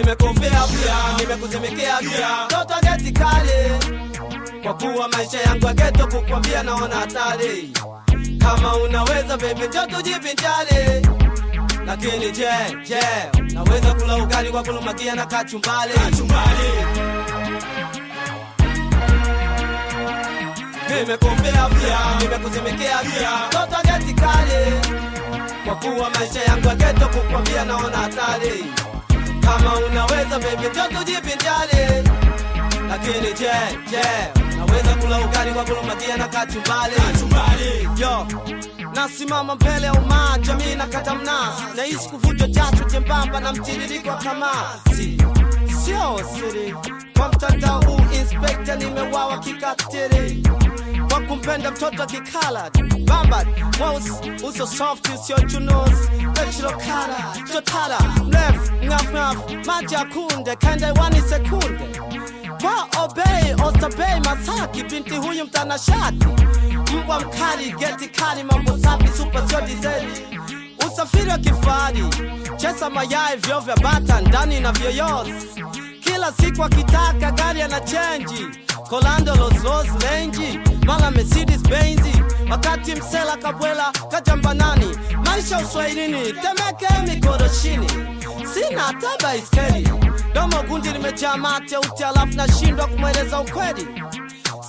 Nimekumbia pia, nimekusemekea pia, toto geti kale, kwa kuwa maisha yangu ageto kukwambia naona hatari. Kama unaweza bebe, njo tujivinjari. Lakini je, je, naweza kula ugali kwa kulumakia na kachumbali? kachumbali. nimekumbia pia, nimekusemekea pia, toto geti kale kwa kuwa maisha yangu aketo kukwambia naona hatari. Kama unaweza baby, ndio tujivinjari. Lakini je, je, naweza kula ugali kwa kulumatia na kachumbali yo nasimama mbele ya umaa, jamii na katamna, naishi kuvunjwa jacho chembamba na mtiririko kama si sio siri kwa mtandao huu, inspekta nimewawa kikatiri kumpenda mtoto kikala bamba mweusi uso soft sio junus bechilokara chotala mrefu ngafngaf maji akunde kende wani sekunde kwa obei ostabei masaki binti huyu mtanashati mbwa mkali geti kali mambo safi supa sio dizeli usafiri wa kifari chesa mayai vyo vya bata ndani na vyoyosi kila siku akitaka gari ana chenji Colando los dos lenji mala Mercedes Benz, wakati msela kabwela kajambanani, maisha uswahilini temeke mikoroshini, sina taba iskeli, domo gundi limejaa mate uti, alafu nashindwa kumweleza ukweli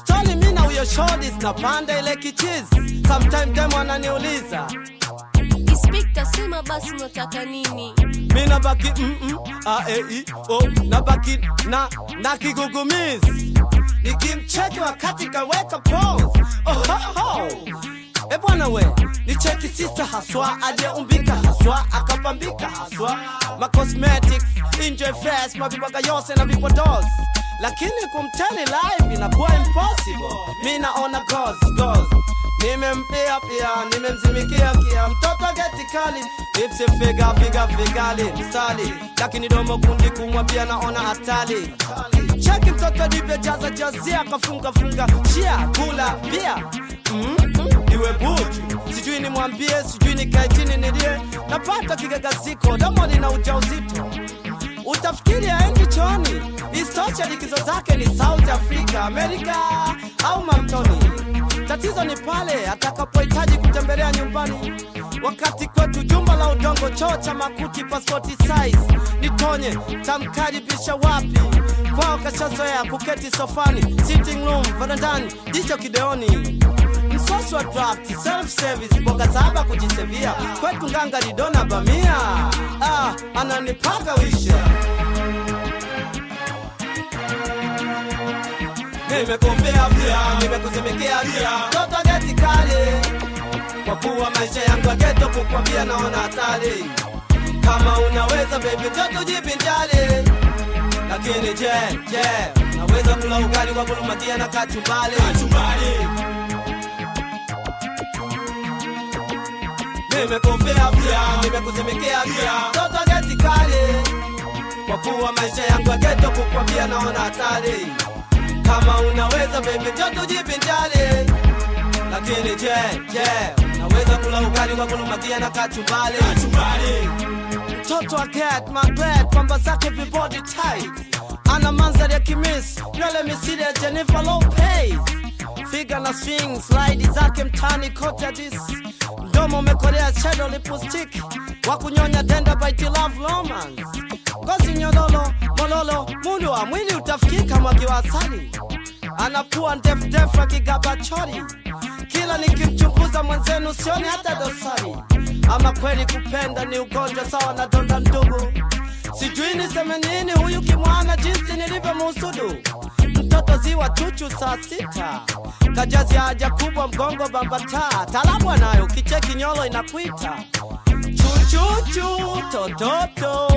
stoni mina huyo shodi zinapanda ile kichizi, sometime demo ananiuliza Inspekta sema basi unataka nini? Mi nabaki mm -mm, a, e, i, o, oh, nabaki na, na kigugumizi nikimcheki wakati kaweka pose. Ohoho, e we, ni cheki sista haswa, aliyeumbika haswa, akapambika haswa, ma cosmetics, enjoy fest, mavibaga yose na vipodozi lakini kumtani live inakuwa impossible. Mi naona goals goals, nimempia pia, nimemzimikia kia mtoto geti kali ifsi figure figure figali msali lakini domo kundi kumwa pia naona hatali cheki mtoto alivyojaza jazia kafunga funga chia kula pia mm -hmm. iwe buchu sijui nimwambie sijui nikae chini nilie napata kigagaziko domo lina uzito utafikiri aendi choni istosha likizo zake ni south africa america au mamtoni Tatizo ni pale atakapohitaji kutembelea nyumbani, wakati kwetu jumba la udongo, choo cha makuti, pasipoti size. Nitonye tonye pisha wapi? Kwao kashazoea kuketi sofani, sitting room, varandani, jicho kideoni Msosi wa draft, self service, boga saba kujisevia, kwetu nganga dona bamia. Ah, ananipaka wisha nimekufia pia, nimekutumikia pia, toto geti kali, kwa kuwa maisha yangu geto, kukwambia naona hatari. Kama unaweza baby, toto jipinjali, lakini je, je, naweza kula ugali kwa kulumatia na kachumbali, kachumbali nimekufia pia, nimekutumikia pia, toto geti kali, kwa kuwa maisha yangu ya geto, kukwambia naona hatari kama unaweza baby ndio tujivinjari, lakini je, je, unaweza kula ugali kwa kunumakia na kachumbari? Kachumbari. Mtoto wa cat my bad, pamba zake vibody tight, ana manzari ya kimis, nywele misili ya Jennifer Lopez, figa na swing slide zake mtani kote dis mdomo umekolea shadow lipstick wa kunyonya denda by love romance ngozi nyololo mololo mundu wa mwili Nikafikika mwakiwasani anapua ndefudefu akigaba chori kila nikimchunguza mwenzenu sioni hata dosari. Ama kweli kupenda ni ugonjwa sawa na donda ndugu, sijui niseme nini huyu kimwana, jinsi nilivyomuhusudu mtoto ziwa chuchu saa sita kajazi haja kubwa mgongo bambata talabu anayo kiche kinyolo inakwita chuchu tototo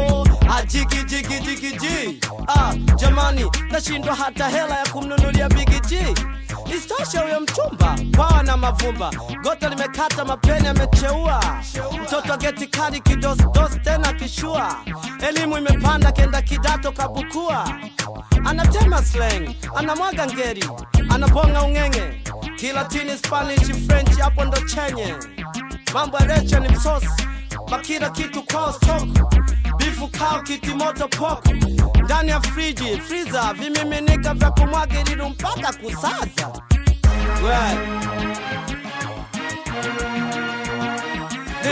ajigi ah, ji ah, jamani nashindwa hata hela ya kumnunulia bigi ji Isitoshe huyo mchumba kwawa na mavumba, gota limekata, mapeni amecheua, mtoto geti kali kidosdos, tena kishua, elimu imepanda, kenda kidato kabukua, anatema slang, anamwaga ngeri, anabonga ung'eng'e, Kilatini, Spanish, French, hapo ndo chenye mambo ya recha ni msosi makila kitu kwa soko, bifu kao kitimoto poko ndani ya friji friza, vimiminika vya kumwaga lilu mpaka kusaza well.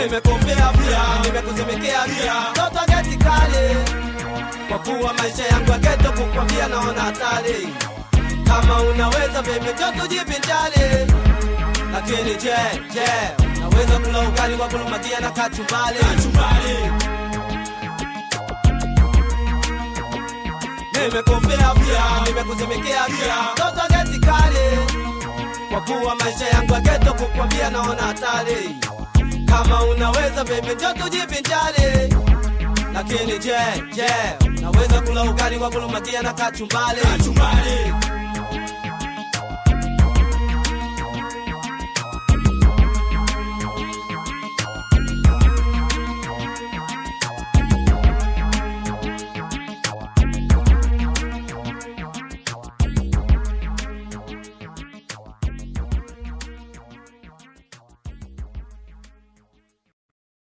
Nimekumbia pia, nimekuzimikea pia, toto geti kali, kwa kuwa maisha yangu ya geto, kukwambia naona hatari. Kama unaweza baby, jo tujivinjari, lakini je, je wa kulumatia na kachumbali, kachumbali. nimekufia pia, nimekusemekea pia, toto geti kali, kwa kuwa maisha yangu ya geto, kukwambia naona hatari. Kama unaweza bebe, njo tujivinjari. Lakini je, je, naweza kula ugali wa kulumatia na kachumbali, kachumbali.